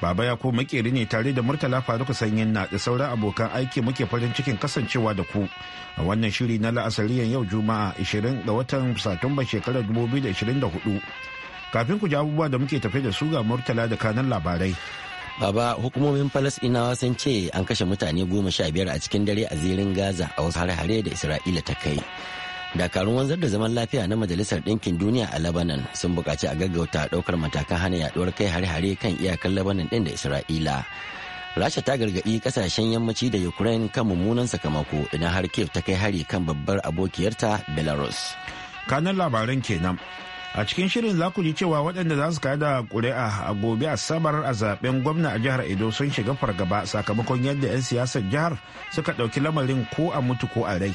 Baba ya ko makeri ne tare da Murtala faruka Sanyin na da sauran abokan aiki muke farin cikin kasancewa da ku a wannan shiri na la'asariyan yau Juma'a 20 ga watan Satumba shekarar 2024. Kafin ku ji abubuwa da muke tafe da su ga Murtala da kanan labarai. Baba hukumomin Falasɗinawa sun ce an kashe mutane goma sha biyar a cikin dare a zirin Gaza a wasu hare-hare da Isra'ila ta kai. dakarun wanzar da zaman lafiya na majalisar ɗinkin duniya a labanan sun buƙaci a gaggauta ɗaukar matakan hana yaɗuwar kai hare-hare kan iyakan labanan ɗin da isra'ila rasha ta gargaɗi ƙasashen yammaci da ukraine kan mummunan sakamako idan har kiev ta kai hari kan babbar abokiyarta belarus kanan labaran kenan a cikin shirin za ku ji cewa waɗanda za su kada ƙuri'a a gobe asabar a zaben gwamna a jihar edo sun shiga fargaba sakamakon yadda 'yan siyasar jihar suka ɗauki lamarin ko a mutu ko a rai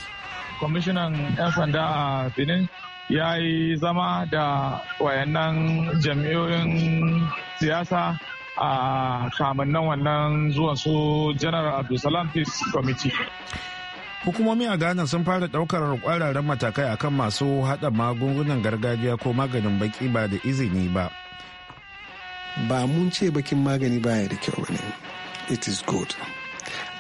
kwamishinan 'yan sanda a benin ya yi zama da wayannan jam'iyyoyin siyasa a kamannin wannan zuwan su general abdulsalam peace committee hukumomi a ghana sun fara daukar kwararren matakai akan masu hada magungunan gargajiya ko maganin baki ba da izini ba ba mun ce bakin magani baya da kyau ne it is good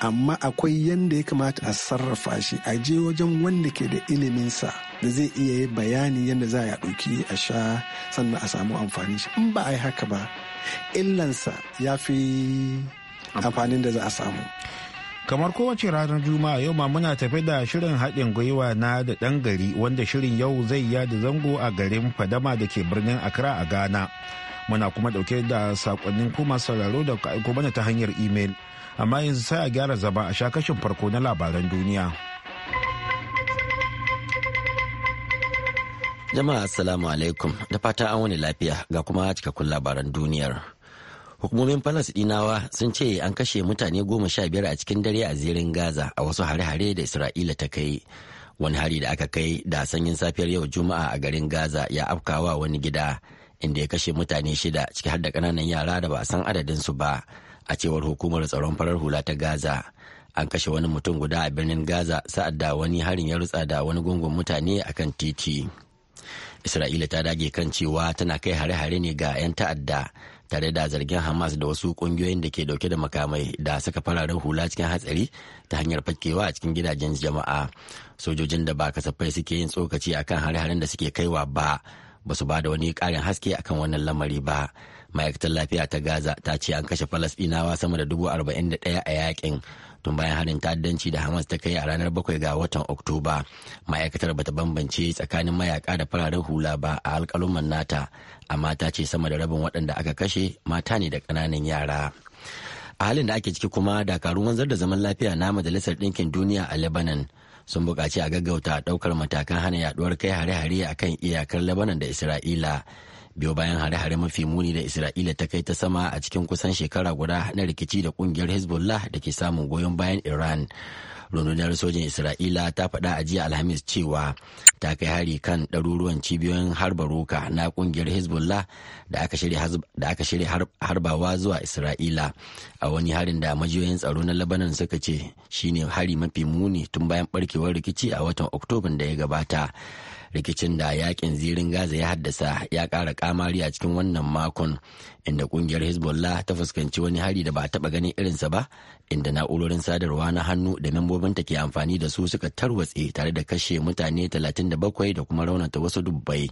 amma akwai yadda ya kamata a sarrafa shi a je wajen wanda ke da iliminsa da zai iya yi bayani yadda za a ɗauki a sha sannan a samu amfani shi in ba a yi haka ba illansa ya fi amfanin da za a samu kamar kowace ranar juma'a yau ma muna tafi da shirin haɗin gwiwa na da ɗan gari wanda shirin yau zai ya da zango a garin fadama da ke birnin accra a ghana muna kuma ɗauke da sakonnin kuma sauraro da aiko mana ta hanyar imel. amma yanzu sai a gyara zama a sha kashin farko na labaran duniya. Jama'a Assalamu alaikum da fata an wani lafiya ga kuma cikakkun labaran duniyar. Hukumomin Falasɗinawa sun ce an kashe mutane goma sha biyar a cikin dare a zirin Gaza a wasu hare-hare da Isra'ila ta kai. Wani hari da aka kai da sanyin safiyar yau Juma'a a garin Gaza ya afkawa wani gida inda ya kashe mutane shida ciki har da ƙananan yara da ba a san adadinsu ba. a cewar hukumar tsaron farar hula ta gaza an kashe wani mutum guda a birnin gaza sa'ad da wani harin ya rutsa da wani gungun mutane akan titi isra'ila ta dage kan cewa tana kai hare-hare ne ga 'yan ta'adda tare da zargin hamas da wasu kungiyoyin da ke dauke da makamai da saka fararen hula cikin hatsari ta hanyar fakewa a cikin gidajen jama'a sojojin da ba kasafai suke yin tsokaci akan hare-haren da suke kaiwa ba ba su ba da wani karin haske akan wannan lamari ba ma'aikatar lafiya ta gaza ta ce an kashe falasɗinawa sama da dubu arba'in da ɗaya a yakin tun bayan harin ta'addanci da hamas ta kai a ranar bakwai ga watan oktoba ma'aikatar bata bambance tsakanin mayaka da fararen hula ba a alkaloman nata amma ta ce sama da rabin waɗanda aka kashe mata ne da ƙananan yara a halin da ake ciki kuma dakarun wanzar da zaman lafiya na majalisar ɗinkin duniya a lebanon sun buƙaci a gaggauta ɗaukar matakan hana yaduwar kai hare-hare akan iyakar lebanon da isra'ila biyo bayan hare-hare mafi muni da isra'ila ta kai ta sama a cikin kusan shekara guda na rikici da kungiyar hezbollah da ke samun goyon bayan iran rundunar sojin isra'ila ta faɗa a jiya alhamis cewa ta kai hari kan ɗaruruwan cibiyoyin harba roka na kungiyar hezbollah da aka shirya harbawa zuwa isra'ila a wani harin da majiyoyin tsaro na labanan suka ce shine hari mafi muni tun bayan barkewar rikici a watan oktoban da ya gabata rikicin da yakin zirin gaza ya haddasa ya kara kamari a cikin wannan makon inda kungiyar hezbollah ta fuskanci wani hari da ba taba ganin irinsa ba inda na'urorin sadarwa na hannu da membobinta ke amfani da su suka tarwatse tare da kashe mutane 37 da kuma raunata wasu dubbai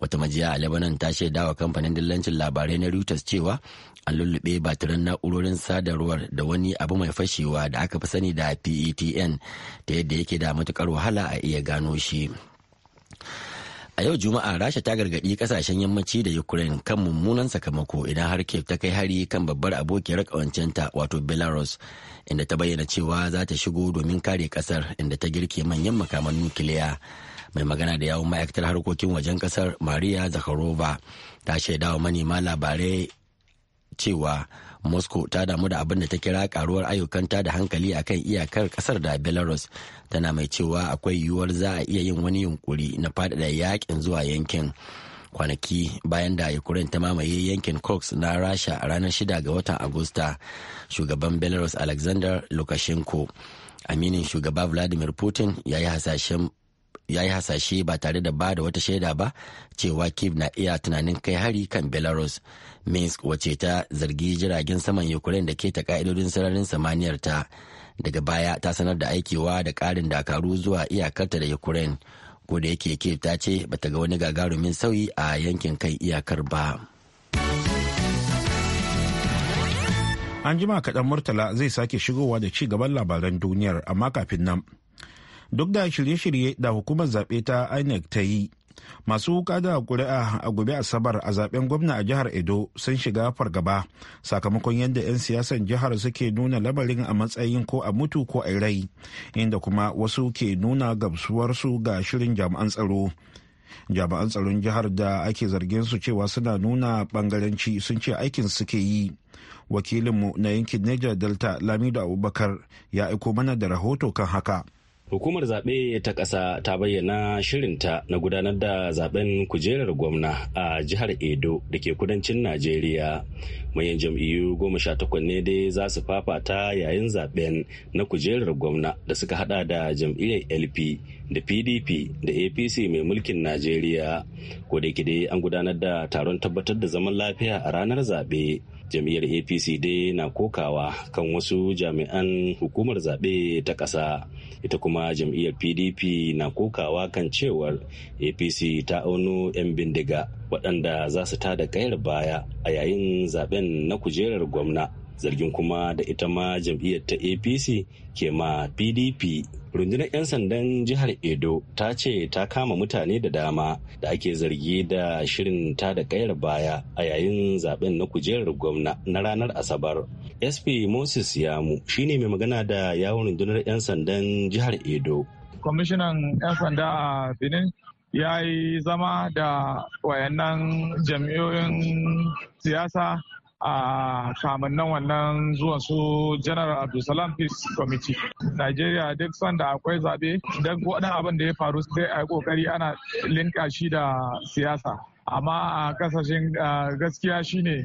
wata majiya a lebanon ta shaidawa kamfanin dillancin labarai na reuters cewa an lullube batiran na'urorin sadarwar da wani abu mai fashewa da aka fi sani da petn ta yadda yake da matukar wahala a iya gano shi. A yau Juma'a Rasha ta gargaɗi kasashen yammaci da Ukraine kan mummunan sakamako idan har Kiev ta kai hari kan babbar abokiyar kawancenta wato Belarus inda ta bayyana cewa za ta shigo domin kare kasar inda ta girke manyan makaman nukiliya. Mai magana da yawun ma'aikatar harkokin wajen kasar Maria Zakharova ta shaidawa manema labarai cewa moscow ta damu da abin da ta kira karuwar ayyukanta da hankali a kan iyakar kasar da belarus tana mai cewa akwai yiwuwar za a iya yin wani yunkuri na faɗaɗa yakin zuwa yankin kwanaki bayan da ukraine ta mamaye yankin cox na rasha a ranar 6 ga watan agusta shugaban belarus alexander lukashenko aminin shugaba vladimir putin ya yi hasashen ya yi hasashe ba tare da ba da wata shaida ba cewa kiev na iya tunanin kai hari kan belarus Minsk wace ta zargi jiragen saman Ukraine da ke ta ka'idodin sararin samaniyar ta daga baya ta sanar da aikewa da ƙarin dakaru zuwa iyakarta da Ukraine ko da yake Kiev ta ce bata ga wani gagarumin sauyi a yankin kai iyakar ba. An jima kaɗan Murtala zai sake shigowa da ci gaban labaran duniyar amma kafin nan. Duk da shirye-shirye da hukumar zaɓe ta INEC ta yi masu wuka da kuri'a a gobe asabar a zaben gwamna a jihar edo sun shiga fargaba sakamakon yadda 'yan siyasan jihar suke nuna lamarin a matsayin ko a mutu ko a rai inda kuma wasu ke nuna gamsuwarsu ga shirin jami'an tsaro jami'an tsaron jihar da ake zargin su cewa suna nuna bangaranci sun ce aikin suke yi wakilinmu na yankin niger delta lamido abubakar ya aiko mana da rahoto kan haka Hukumar zaɓe ta ƙasa ta bayyana shirinta na gudanar da zaɓen kujerar gwamna a jihar Edo da ke kudancin Najeriya. Manyan jam'iyyu goma sha takwas ne dai za su fafata yayin zaɓen na kujerar gwamna da suka hada da jam'iyyar LP da PDP da APC mai mulkin Najeriya. Ko da dai an gudanar da taron tabbatar da zaman lafiya a ranar zaɓe. jam'iyyar apc dai na kokawa kan wasu jami'an hukumar zaɓe ta ƙasa ita kuma jam'iyyar pdp na kokawa kan cewar apc ta auno 'yan bindiga waɗanda za su tada kayar baya a yayin zaɓen na kujerar gwamna zargin kuma da ita ma jam'iyyar ta apc ke ma pdp rundunar 'yan sandan jihar edo ta ce ta kama mutane da dama da ake zargi da shirin ta da kayar baya a yayin zaben na kujerar gwamna na ranar asabar sp moses yamu shine mai magana da yawon rundunar 'yan sandan jihar edo kwamishinan 'yan sanda a benin ya yi zama da wayannan jam'iyoyin siyasa a kamannan wannan zuwan su general abdulsalam peace committee nigeria duk sanda akwai zabe duk wadan abin da ya faru sai a yi kokari ana linka shi da siyasa amma a kasashen gaskiya shine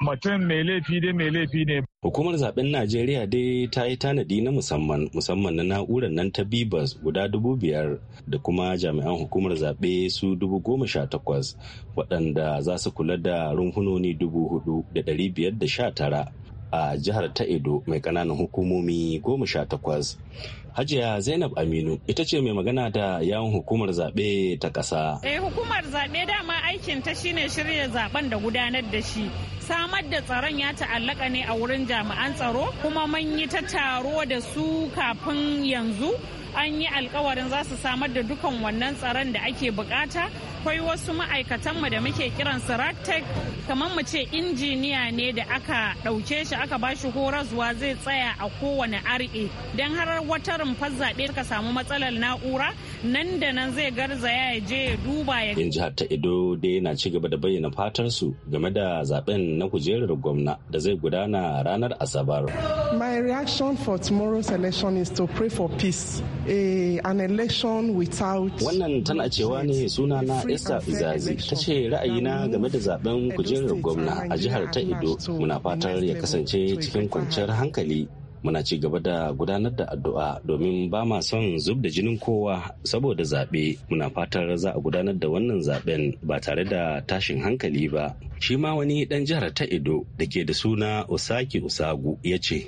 mutum mai laifi dai mai laifi ne Hukumar zaben Najeriya dai ta yi tanadi na musamman musamman na na'urar nan ta Bibas guda dubu biyar da kuma jami'an hukumar zaɓe su dubu goma sha takwas waɗanda za su kula da runhunoni dubu hudu da ɗari biyar da sha tara a jihar ta Edo mai ƙananan hukumomi goma sha takwas. Hajiya Zainab Aminu ita ce mai magana da yawon hukumar zaɓe ta ƙasa. Eh hukumar zaɓe dama aikin ta shine shirya zaɓen da gudanar da shi. Samar da tsaron ya ta'allaka ne a wurin jami'an tsaro kuma mun yi ta taro da su kafin yanzu an yi alkawarin za su samar da dukan wannan tsaron da ake bukata akwai wasu ma'aikatanmu da muke kiran su ragtech kamar mu ce injiniya ne da aka ɗauke shi aka bashi shi horaswa zai tsaya a kowane re don har wata rumfar zaɓe ka samu matsalar na'ura nan da nan zai garzaya ya je ya duba ya jihar ta ido dai na ci gaba da bayyana fatar su game da zaben na kujerar gwamna da zai gudana ranar asabar my reaction for tomorrow's election is to pray for peace a, eh, an election without wannan tana cewa ne sunana Esther Uzazi ta ce ra'ayina game da zaben kujerar gwamna a jihar ta Edo muna fatar ya kasance cikin kwanciyar hankali muna ci gaba da gudanar da addu'a domin ba ma son zub da jinin kowa saboda zaɓe muna fatar za a gudanar da wannan zaɓen ba tare da tashin hankali ba shi ma wani ɗan jihar ta edo da ke da suna osaki usagu ya ce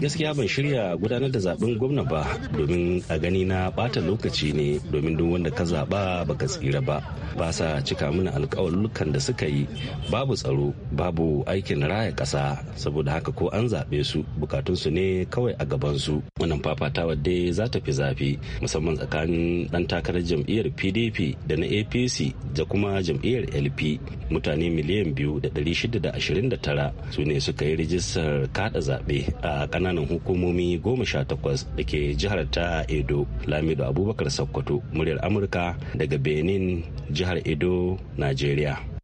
gaskiya ban shirya gudanar da zaɓen gwamna ba domin a gani na bata lokaci ne domin duk wanda ka zaɓa baka tsira ba ba sa cika mana alƙawallukan da suka yi babu tsaro babu aikin raya ƙasa saboda haka ko an zaɓe su bukatunsu ne kawai a gabansu wannan fafatawa dai za ta fi zafi musamman tsakanin ɗan takarar jam'iyyar pdp da na apc da kuma jam'iyyar lp mutane miliyan biyu da ɗari shida da ashirin da tara su ne suka yi rijistar kaɗa zaɓe a ƙananan hukumomi goma sha takwas da ke jihar ta edo lamido abubakar sokoto muryar amurka daga benin jihar edo najeriya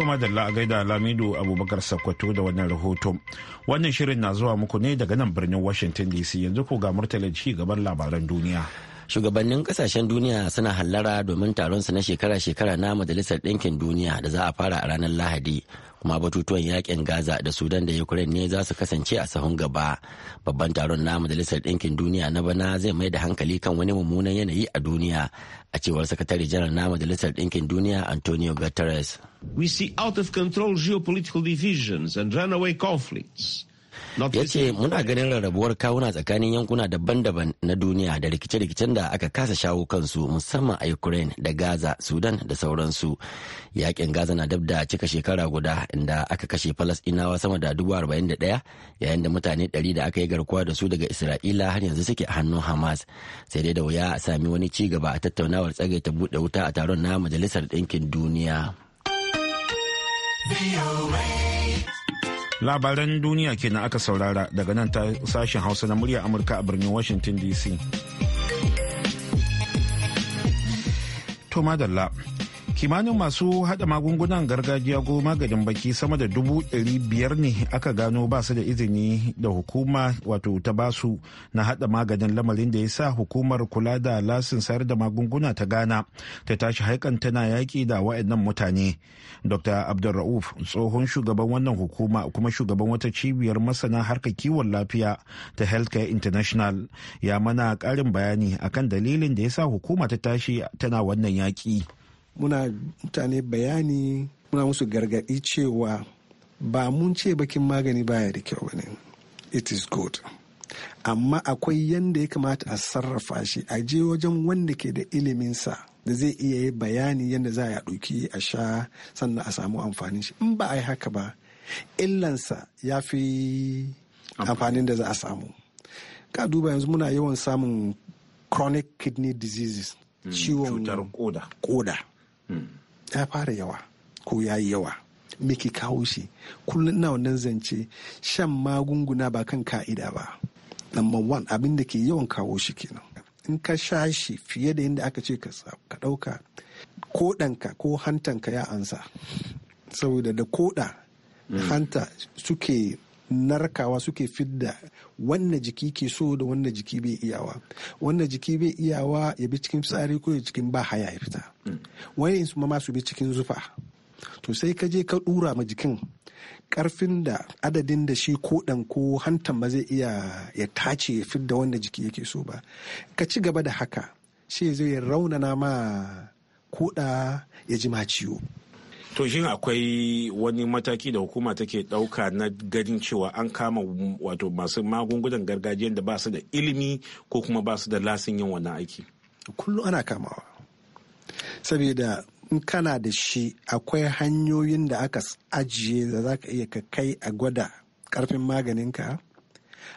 To madalla a gaida Lamido Abubakar Sakkwato da wannan rahoton Wannan shirin na zuwa muku ne daga nan birnin Washington DC yanzu ko ga murtala ci gaban labaran duniya. shugabannin kasashen duniya suna hallara domin taron su na shekara-shekara na majalisar ɗinkin duniya da za a fara a ranar lahadi kuma batutuwan yakin gaza da sudan da ukraine ne za su kasance a sahun gaba babban taron na majalisar ɗinkin duniya na bana zai mai da hankali kan wani mummunan yanayi a duniya a cewar sakatare janar na majalisar ɗinkin duniya antonio guterres we see out of control geopolitical divisions and runaway conflicts ya ce muna ganin rarrabuwar kawuna tsakanin yankuna daban-daban na duniya da rikice-rikicen da aka kasa shawo kansu musamman a ukraine da gaza sudan da sauransu yakin gaza na dab da cika shekara guda inda aka kashe falasɗinawa sama da dubu da ɗaya yayin da mutane ɗari da aka yi garkuwa da su daga isra'ila har yanzu suke a hannun hamas sai dai da wuya a sami wani ci gaba a tattaunawar tsagaita buɗe wuta a taron na majalisar ɗinkin duniya. labaran duniya kenan aka saurara daga nan ta sashen hausa na murya amurka a birnin washington dc to madalla kimanin masu hada magungunan gargajiya ko maganin baki sama da dubu ɗari biyar ne aka gano ba su da izini da hukuma wato ta basu na hada maganin lamarin da ya sa hukumar kula da lasin sayar da magunguna ta ghana ta tashi haikan tana yaki da wa'annan mutane dr abdulra'uf tsohon shugaban wannan hukuma kuma shugaban wata cibiyar masana harkar kiwon lafiya ta healthcare international ya mana ƙarin bayani akan dalilin da ya sa hukuma ta tashi tana wannan yaƙi. muna mutane bayani muna musu gargaɗi cewa ba mun ce bakin magani baya da kyau ne it is good amma akwai yanda ya kamata a sarrafa shi a je wajen wanda ke da iliminsa da zai iya yi bayani yadda za a ɗauki a sha sannan a samu amfanin shi in ba a yi haka ba illansa ya fi amfanin da za a samu ka duba yanzu muna yawan samun chronic kidney diseases mm, ciwon koda ya fara yawa ko ya yi yawa me kawo shi kullum na wannan zance shan magunguna ba kan ka'ida ba number one abin da ke yawan kawo shi kenan in ka sha shi fiye da yadda aka ce ka ɗauka ko ɗanka ko hantanka ya ansa saboda da koɗa mm. hanta suke narkawa suke fidda wanne jiki ke so da wanne jiki bai iyawa wanne jiki bai iyawa ya bi cikin tsari ko ya cikin ba haya ya fita wayan su ma su bi cikin zufa to sai ka je ka dura ma jikin karfin da adadin da shi ko dan ko hantan ba zai iya ya tace ya fidda wanda jiki yake so ba ka ci gaba da haka shi zai raunana ma koda ya ji ma ciwo to shin akwai wani mataki da hukuma take ɗauka na ganin cewa an kama wato masu magungunan gargajiyan da ba su da ilimi ko kuma ba su da lasin yin wannan aiki kullum ana kamawa saboda in kana da shi akwai hanyoyin da aka ajiye da za ka iya ka kai a gwada karfin maganinka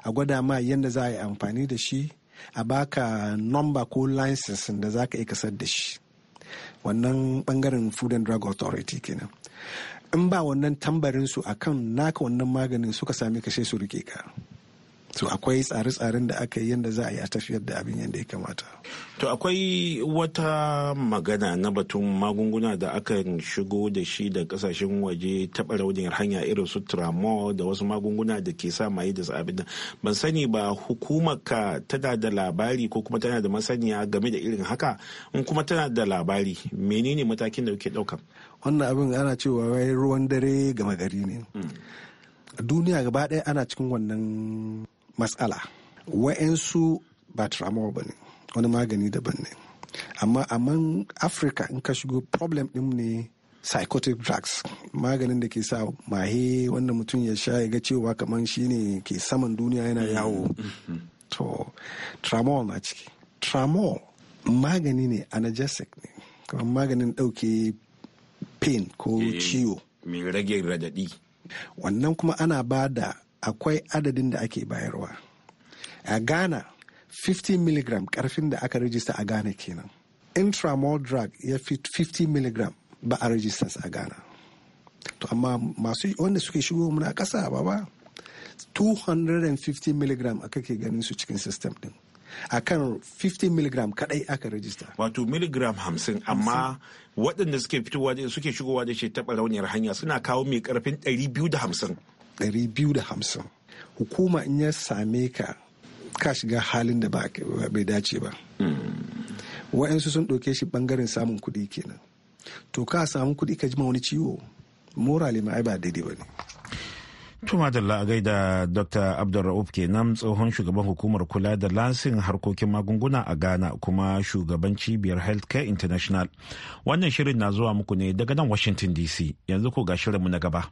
a gwada ma yadda za a yi amfani da shi a baka nomba ko license da za ka iya kasar da shi wannan bangaren food and drug authority kenan in ba wannan tambarin su akan naka wannan maganin suka sami kashe su rike ka so akwai tsare-tsaren da aka yi yadda za a yi a tafiyar da abin yadda ya kamata to akwai wata magana na batun magunguna da aka shigo da shi da kasashen waje taɓa raunin hanya irin su tramol da wasu magunguna da ke sa maye da abin da ban sani ba hukumar ka tana da labari ko kuma tana da masaniya game da irin haka in kuma tana da labari menene matakin da kuke ɗauka wannan abin ana cewa wai ruwan dare gama gari ne hmm. A duniya gaba ɗaya ana cikin wannan matsala wa'yansu ba tramor ba ne wani magani daban ne amma amman afirka in ka shigo problem ɗin ne psychotic drugs maganin da ke sa mahe wanda mutum ya sha ya ga cewa kamar shi ne ke saman duniya yana mm, yawo mm, mm. to tramol na ciki tramol magani ne analgesic ne kamar maganin ɗauke pain ko eh, ciwo mai rage radadi wannan kuma ana ba da akwai adadin da ake bayarwa a ghana 50 mg karfin da aka rijista a ghana kenan intramural drug ya fi 50 mg ba a rijistas a ghana to amma masu wanda suke shigo muna kasa ba ba 250 mg aka ke ganin su cikin system din a kan 50 mg kadai aka rajista. Wato miligram hamsin amma waɗanda suke fitowa da suke shigowa da shi taɓa rauniyar hanya suna kawo mai ƙarfin 250. 250 hukuma in ya same ka ka shiga halin da bai dace ba hmm. wa'yansu sun ɗauke shi bangaren samun kuɗi kenan to ka samu kuɗi ka jima wani ciwo morali ma ai ba daidai ba ne Tuma da la'agai da Dr. Abdulra'uf kenan tsohon shugaban hukumar kula da lansin harkokin magunguna a Ghana kuma shugaban cibiyar Healthcare International. Wannan shirin na zuwa muku ne daga nan Washington DC. Yanzu ko ga shirinmu na gaba.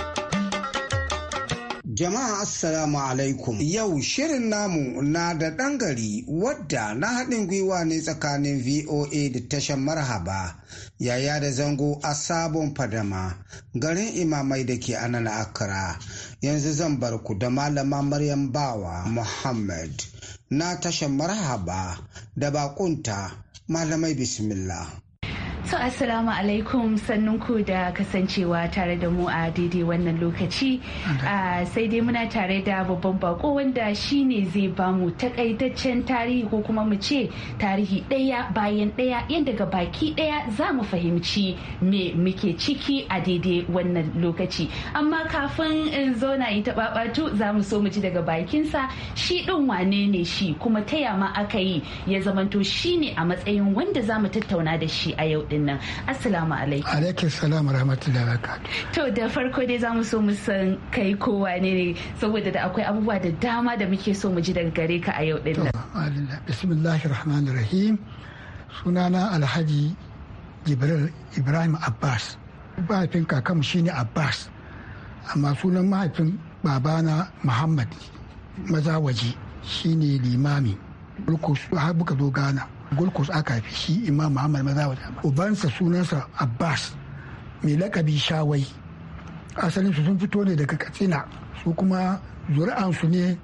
Jama'a Assalamu alaikum. Yau shirin namu na da ɗan gari wadda na haɗin gwiwa ne tsakanin VOA da tashar Marhaba, yaya da zango a sabon fadama garin imamai da ke anan Accra. Yanzu zan bar ku da malama Maryam Bawa Muhammad na tashar Marhaba da bakunta malamai bismillah. So Assalamu alaikum sannunku da kasancewa tare da mu a daidai wannan lokaci. Ah, sai dai muna tare da babban bako wanda shi ne zai bamu takaitaccen tarihi ko kuma mu ce tarihi ɗaya bayan ɗaya yadda daga baki ɗaya za mu fahimci me muke ciki a daidai wannan lokaci. Amma kafin in zauna yi taɓaɓatu za mu so mu ji daga bakinsa shi ɗin wane ne shi kuma ta ma aka yi ya zamanto shi ne a matsayin wanda za mu tattauna da shi a yau din nan assalamu alaikum alaikum salam rahmatullahi barakatuh to da farko dai zamu so mu san kai kowa ne saboda da akwai abubuwa da dama da muke so mu ji daga gare ka a yau din nan bismillahir rahmanir rahim sunana alhaji jibril ibrahim abbas mahaifin kakam shine abbas amma sunan mahaifin babana muhammad maza waje shine limami har buka zo gana gulkus aka fi shi imam muhammad maza ubansa sunansa abbas mai lakabi shawai asalin su sun fito ne daga katsina su kuma zuri'ansu ne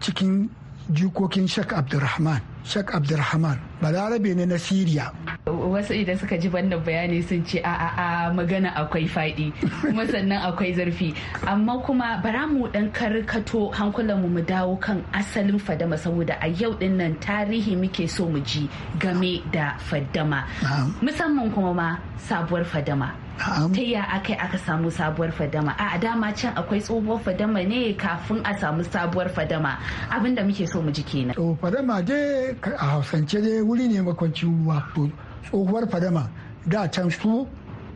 cikin jikokin shek abdulrahman Sheikh Abdulrahman balarabe ne na Siriya. Wasu idan suka ji wannan bayani sun ce a a a magana akwai faɗi kuma sannan akwai zarfi amma kuma bara mu dan karkato hankulan mu mu dawo kan asalin fadama saboda a yau din tarihi muke so mu ji game da fadama musamman kuma ma sabuwar fadama ta ya aka aka samu sabuwar fadama a dama can akwai tsohuwar fadama ne kafin a samu sabuwar fadama abinda muke so mu ji kenan to fadama dai a hausance dai wuri ne makwancin ruwa to tsohuwar fadama da can su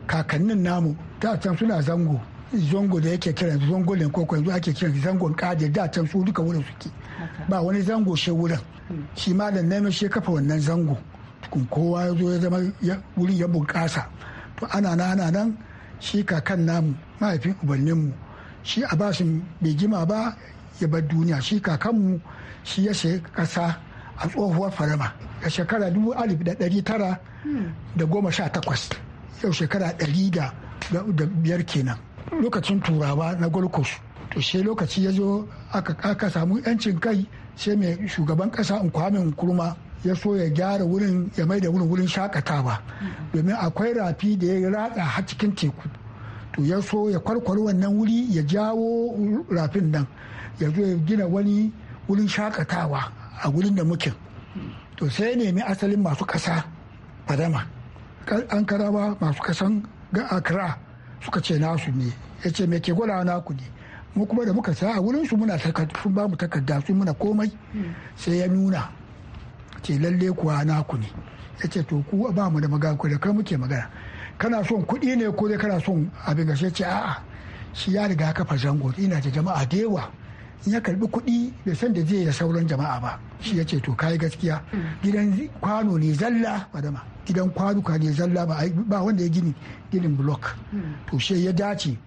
kakannin namu da can suna zango zango da yake kiran zango ne ko kwanzu ake kiran zangon kaje da can su duka wurin suke ba wani zango hmm. shi wurin shi ma da nemi shi kafa wannan zango kowa ya zo ya zama wurin ya bunkasa. to ana na nan shi kakan namu mahaifin ubanninmu shi a basin bai gima ba ya bar duniya shi kakanmu shi ya shi kasa a tsohuwar farama a shekara dubu alif da ɗari tara da goma sha takwas yau shekara ɗari da biyar kenan lokacin turawa na golkos to sai lokaci ya zo aka samu yancin kai sai mai shugaban ƙasa nkwame kurma. ya so ya gyara wurin ya mai da wurin shakatawa domin akwai rafi da ya ratsa har cikin teku to ya so ya kwarkwari wannan wuri ya jawo rafin nan ya zo ya gina wani wurin shakatawa a wurin da muke to sai nemi asalin masu kasa fadama an karawa masu kasan ga akra suka ce nasu ne ya ce me ke gwada naku ne mu kuma da muka sa a wurin su muna takardu sun ba takarda sun muna komai hmm. sai ya nuna ce lalle kuwa naku ne ya ce to ku ba mu da magana da kai muke magana kana son kuɗi ne ko dai kana son abin gashe ce a'a shi ya riga kafa zango ina da jama'a da yawa in ya karbi kuɗi da san da zai da sauran jama'a ba shi ya ce to kayi gaskiya gidan kwano ne zalla madama gidan kwanuka ne zalla ba wanda ya gini ginin block to she ya dace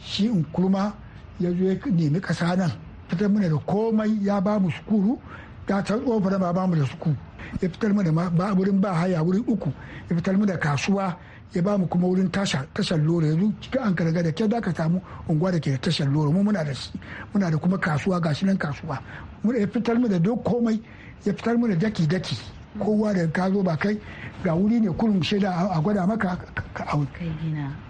shi in kurma ya zo ya nemi kasa nan fitar mana da komai ya ba mu sukuru ta can kofar ma ba mu da suku ya fitar mu da ba wurin ba haya wurin uku ya fitar mu da kasuwa ya ba mu kuma wurin tasha tashar loro yanzu kika an karga da kyau ka samu unguwa da ke da tashar loro mu muna da shi muna da kuma kasuwa gashi nan kasuwa mu ya fitar mu da duk komai ya fitar mu da daki daki kowa da ka zo ba kai ga wuri ne kurum shaida a gwada maka a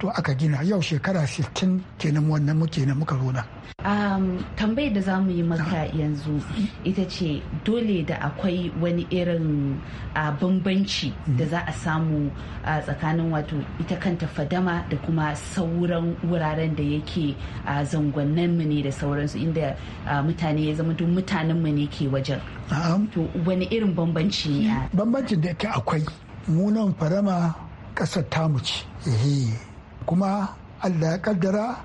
to aka gina yau shekara 60 kenan wannan muke na muka rona Um, da za mu yi maka yanzu mm. ita ce dole da akwai wani irin uh, bambanci mm. da za a samu tsakanin wato ita kanta fadama da kuma sauran wuraren da yake a uh, mu ne da sauransu inda mutane ya zama duk mutanen mu ne ke wajen to wani irin bambanci ne bambancin da ke akwai munan farama ƙasar tamu ce kuma allah ya kaddara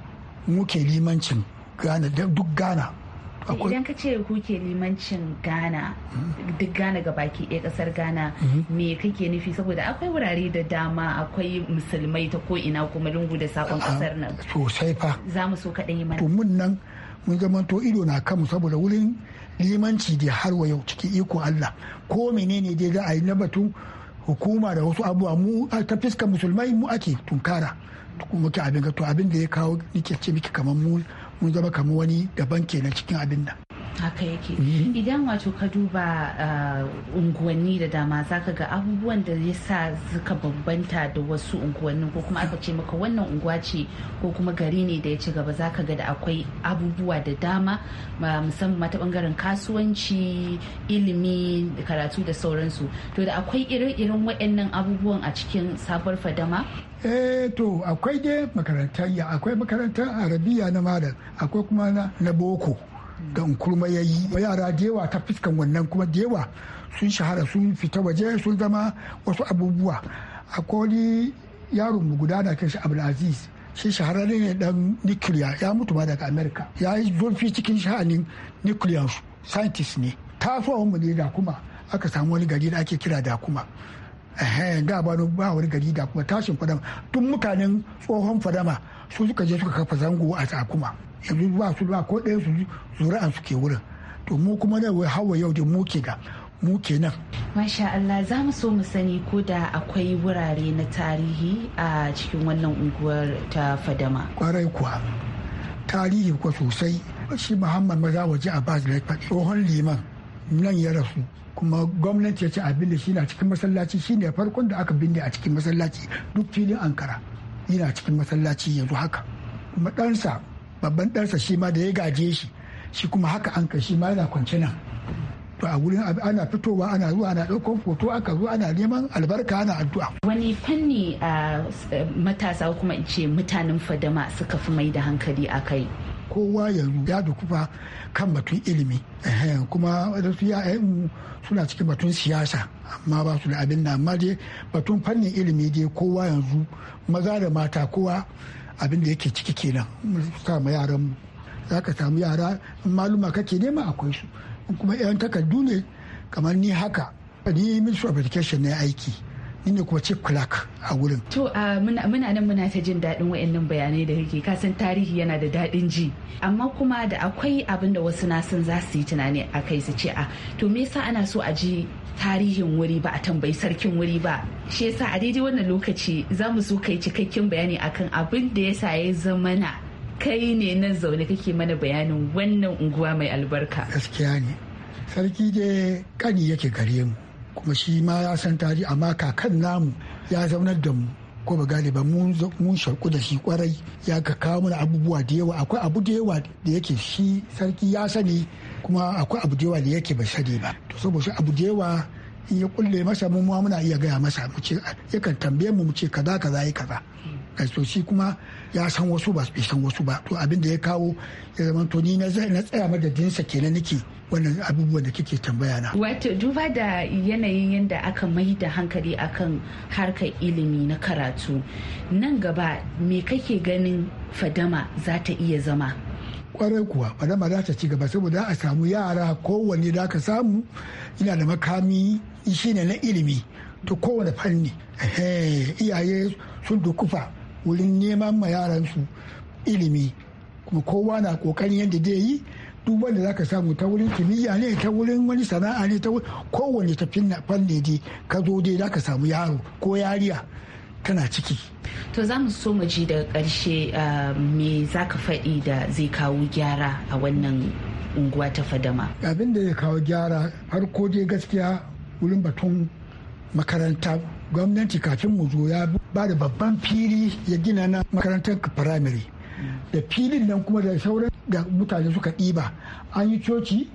muke limancin gana duk gana idan ka ce kuke limancin ghana mm-hmm. duk ghana ga baki ɗaya ƙasar gana mm-hmm. me kake nufi saboda akwai wurare da dama akwai musulmai ta ko ina kuma lungu da sakon ƙasar nan sosai fa za mu so kaɗai mana to mun nan mun zama to ido na kanmu saboda wurin limanci da har wa yau cikin iko Allah ko menene dai za a yi na batun hukuma da wasu abubuwa mu ta fiskar musulmai mu ake tunkara muke abin to abin da ya kawo nike ce miki kamar mu mun zama kamar wani daban kenan cikin abin nan haka yake mm-hmm. idan wato ka duba uh, unguwanni da dama zaka ga abubuwan da ya sa suka bambanta da wasu unguwanni ko kuma aka ce maka wannan unguwa ce ko kuma gari ne da ya ci gaba zaka ga da akwai abubuwa da dama musamman ta bangaren kasuwanci ilimi karatu da sauransu to da akwai ire-iren waɗannan abubuwan a cikin sabuwar fadama eh to akwai dai makarantar ya akwai makarantar arabiya na malam akwai kuma na boko don kurma ya yi yara da yawa ta fuskan wannan kuma da yawa sun shahara sun fita waje sun zama wasu abubuwa akwai wani yaron mu guda da kanshi abdulaziz shi shahararre ne dan nuclear ya mutu ma daga amerika ya yi zurfi cikin sha'anin nuclear scientist ne so a ne da kuma aka samu wani gari da ake kira da kuma da ba ba wani gari da kuma tashin fadama tun mutanen tsohon fadama su suka je suka kafa zango a takuma yanzu ba su ba ko ɗaya su zuri'an su ke wurin to mu kuma wai hawa yau da mu ke da mu nan. Masha Allah za mu so mu sani ko da akwai wurare na tarihi a cikin wannan unguwar ta Fadama. Kwarai kuwa tarihi kuwa sosai shi Muhammad maza waje a Baz faɗi tsohon liman nan ya rasu kuma gwamnati ya ce a da shi na cikin masallaci shi ne farkon da aka binne a cikin masallaci duk filin Ankara yana cikin masallaci yanzu haka. Kuma ɗansa babban ɗansa shi ma da ya gaje shi shi kuma haka an kai shi ma yana kwance nan to a wurin ana fitowa ana zuwa ana ɗaukan hoto aka zo ana neman albarka ana addu'a wani fanni a matasa kuma in ce mutanen fadama suka fi mai da hankali a kai kowa yanzu ya dukufa kan batun ilimi kuma wadansu ya'yan suna cikin batun siyasa amma ba su da abin na amma dai batun fannin ilimi dai kowa yanzu maza da mata kowa abin da yake ciki kenan mun samu yaran mu za ka samu yara in maluma kake nema akwai su kuma yan takardu ne kamar ni haka ni ministry of education ne aiki ni ne kuma chief clerk a wurin to muna nan muna ta jin daɗin wa'annan bayanai da kake ka san tarihi yana da daɗin ji amma kuma da akwai abin da wasu na san za su yi tunani a kai su ce a to me yasa ana so a ji tarihin wuri ba a tambayi sarkin wuri ba shi yasa a daidai wannan lokaci za mu so kai cikakken bayani akan abin da ya sa ya zama na kai ne nan zaune kake mana bayanin wannan unguwa mai albarka gaskiya ne sarki da kani yake gare mu kuma shi ma ya san tarihi amma kakan namu ya zaunar da mu ko ba galiba mun sharku da shi kwarai ya ka kawo mana abubuwa da yawa akwai abu da yawa da yake shi sarki ya sani kuma akwai abu da yake bai shari ba to saboda abu da in ya kulle masa mu muna iya gaya masa mu ce yakan tambaye mu mu ce kaza kaza yi kaza kai eh, to shi kuma ya san wasu ba bai san wasu ba to abin da ya kawo ya zama to ni na tsaya madadinsa kenan nake wannan abubuwan da kike tambaya na wato duba da yanayin yadda aka mai da hankali akan harkar ilimi na karatu nan gaba me kake ganin fadama za ta iya zama kwarai kuwa dama za ta ci gaba saboda a samu yara kowanne da ka samu yana da makami shi ne na ilimi to kowane fanni iyaye sun dukufa wurin neman ma yaransu ilimi kuma kowa na kokarin yadda zai yi duk wanda za ka samu ta wurin kimiyya ne ta wurin wani sana'a ne ta kowane tafin fanni dai ka zo dai za ka samu yaro ko yariya tana ciki to za mu so mu ji da ƙarshe eh, me za ka faɗi da zai kawo gyara a wannan unguwa ta fadama abin da ya kawo gyara har ko dai gaskiya wurin batun makaranta gwamnati kafin mu zo ya ba da babban fili ya gina na makarantar firamare da filin nan kuma da sauran da mutane suka ɗiba an yi coci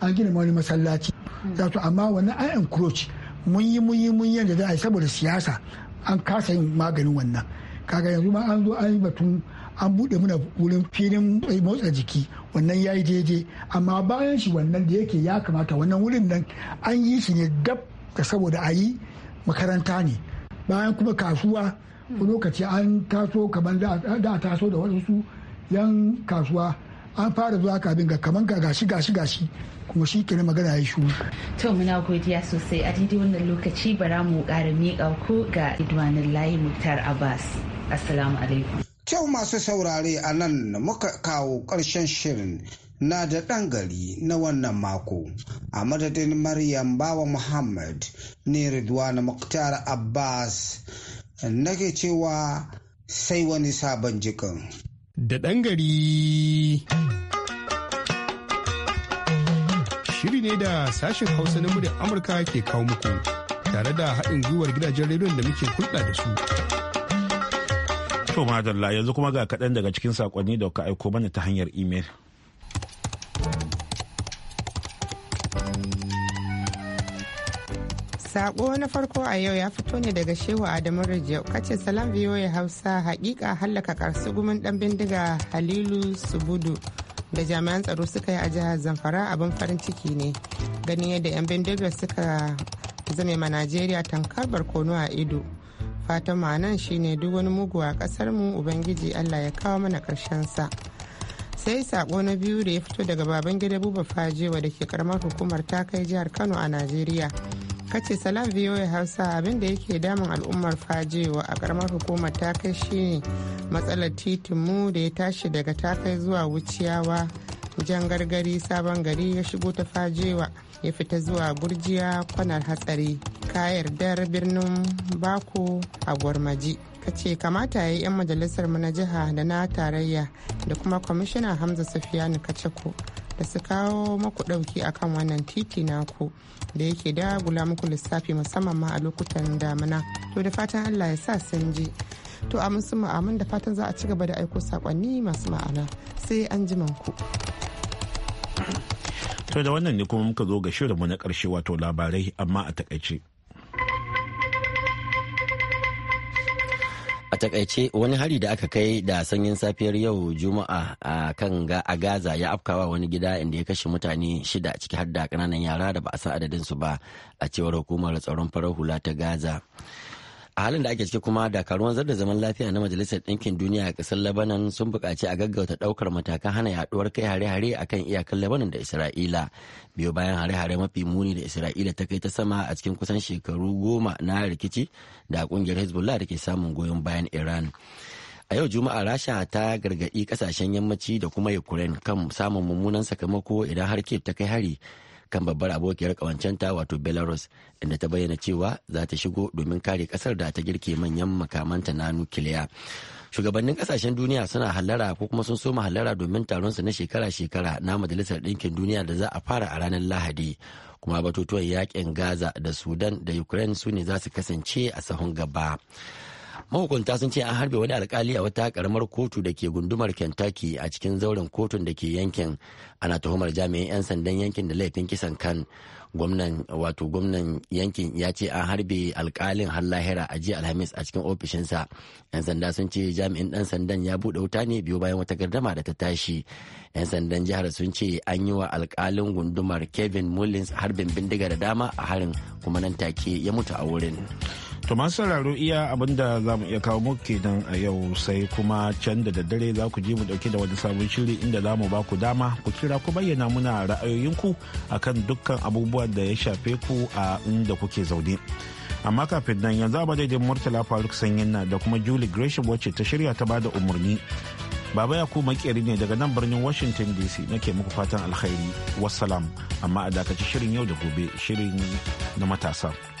an gina wani masallaci zato amma wani an encroach mun yi mun yi mun yadda za a yi saboda siyasa an kasa yin maganin wannan kaga yanzu ma an zo an yi batun an buɗe muna wurin filin motsa jiki wannan ya yi daidai amma bayan shi wannan da yake ya kamata wannan wurin nan an yi shi ne gab da saboda a yi makaranta ne bayan kuma kasuwa lokaci an taso kamar da a taso da wasu yan kasuwa an fara zuwa ka ga kaman ka gashi gashi gashi kuma shi kenan magana ya shuru. To muna godiya sosai a daidai wannan lokaci bara mu ƙara miƙa ku ga Idwanin Layi Muktar Abbas. Assalamu alaikum. Kyau masu saurare a nan muka kawo ƙarshen shirin na da ɗan gari na wannan mako a madadin Maryam Bawa Muhammad ne Ridwana Muktar Abbas nake cewa sai wani sabon jikin. da ɗan gari. Shiri ne da sashen Hausa na muryar Amurka ke kawo muku tare da haɗin gwiwar gidajen rediyon da muke hulɗa da su. To madalla yanzu kuma ga kaɗan daga cikin saƙonni da ka aiko mana ta hanyar imel. Sako na farko a yau ya fito ne daga Shehu Adamu Rijau. Kace salam ya Hausa hakika hallaka karsugumin dan bindiga Halilu Subudu da jami'an tsaro suka yi a jihar Zamfara abin farin ciki ne. Ganin yadda 'yan bindiga suka zame ma Najeriya tankar barkono a ido. Fatan ma'anan shine duk wani mugu a kasar mu Ubangiji Allah ya kawo mana karshen sa. sai sako na biyu da ya fito daga baban gida buba fajewa da ke karamar hukumar ta kai jihar kano a najeriya kace salam voa hausa abinda yake damun al'ummar fajewa a karamar hukumar ta kai ne matsalar titin mu da ya tashi daga ta kai zuwa wuciyawa jan gargari sabon gari ya shigo ta fajewa ya fita zuwa gurjiya kwanar hatsari kayar dar birnin bako a gwarmaji kace kamata ya yi 'yan majalisar mu na jiha da na tarayya da kuma kwamishinan hamza kace kaceko da su kawo maku ɗauki akan wannan titi naku da yake dagula muku lissafi musamman ma a lokutan damina to da fatan allah ya sa sun ji to a musu da fatan za a ci gaba da aiko sakonni masu ma'ana sai an ji ku. to da wannan ne kuma muka zo ga shirinmu na karshe wato labarai amma a takaice. a takaice wani hari da aka kai da sanyin safiyar yau juma'a a kan a gaza ya afkawa wani gida inda ya kashe mutane shida ciki har da kananan yara da ba a san adadin su ba a cewar hukumar tsaron farar hula ta gaza a halin da ake ciki kuma dakaruwan zarda da zaman lafiya na majalisar ɗinkin duniya a ƙasar labanan sun buƙaci a gaggauta ɗaukar matakan hana yaɗuwar kai hare-hare a kan iyakar labanan da isra'ila biyo bayan hare-hare mafi muni da isra'ila ta kai ta sama a cikin kusan shekaru goma na rikici da ƙungiyar hezbollah da ke samun goyon bayan iran a yau juma'a rasha ta gargaɗi ƙasashen yammaci da kuma ukraine kan samun mummunan sakamako idan har ta kai hari kan babbar abokiyar kawancenta wato belarus inda ta bayyana cewa za ta shigo domin kare kasar da ta girke manyan makamanta na nukiliya shugabannin kasashen duniya suna hallara ko kuma sun soma hallara domin taron su na shekara-shekara na majalisar ɗinkin duniya da za a fara a ranar lahadi kuma batutuwan yakin gaza da sudan da ukraine su ne za su kasance a sahun gaba mahukunta sun ce an harbe wani alkali a wata karamar kotu da ke gundumar kentucky a cikin zauren kotun da ke yankin ana tuhumar jami'in 'yan sandan yankin da laifin kisan kan gwamnan wato gwamnan yankin ya ce an harbe alkalin har lahira a jiya alhamis a cikin ofishinsa 'yan sanda sun ce jami'in dan sandan ya bude wuta ne biyu bayan wata gardama da ta tashi 'yan sandan jihar sun ce an yi wa alkalin gundumar kevin mullins harbin bindiga da dama a harin kuma nan take ya mutu a wurin. To masu sauraro iya abin da za mu iya kawo muku kenan a yau sai kuma can da daddare za ku je mu dauke da wani sabon shiri inda za mu ba dama ku kira ku bayyana muna ra'ayoyinku akan dukkan abubuwan da ya shafe ku a inda kuke zaune. amma kafin nan yanzu a madadin murtala faruk sanyin na da kuma julie gresham wacce ta shirya ta bada umarni baba ya kuma makeri ne daga nan birnin washington dc nake muku fatan alkhairi wasalam amma a dakaci shirin yau da gobe shirin na matasa.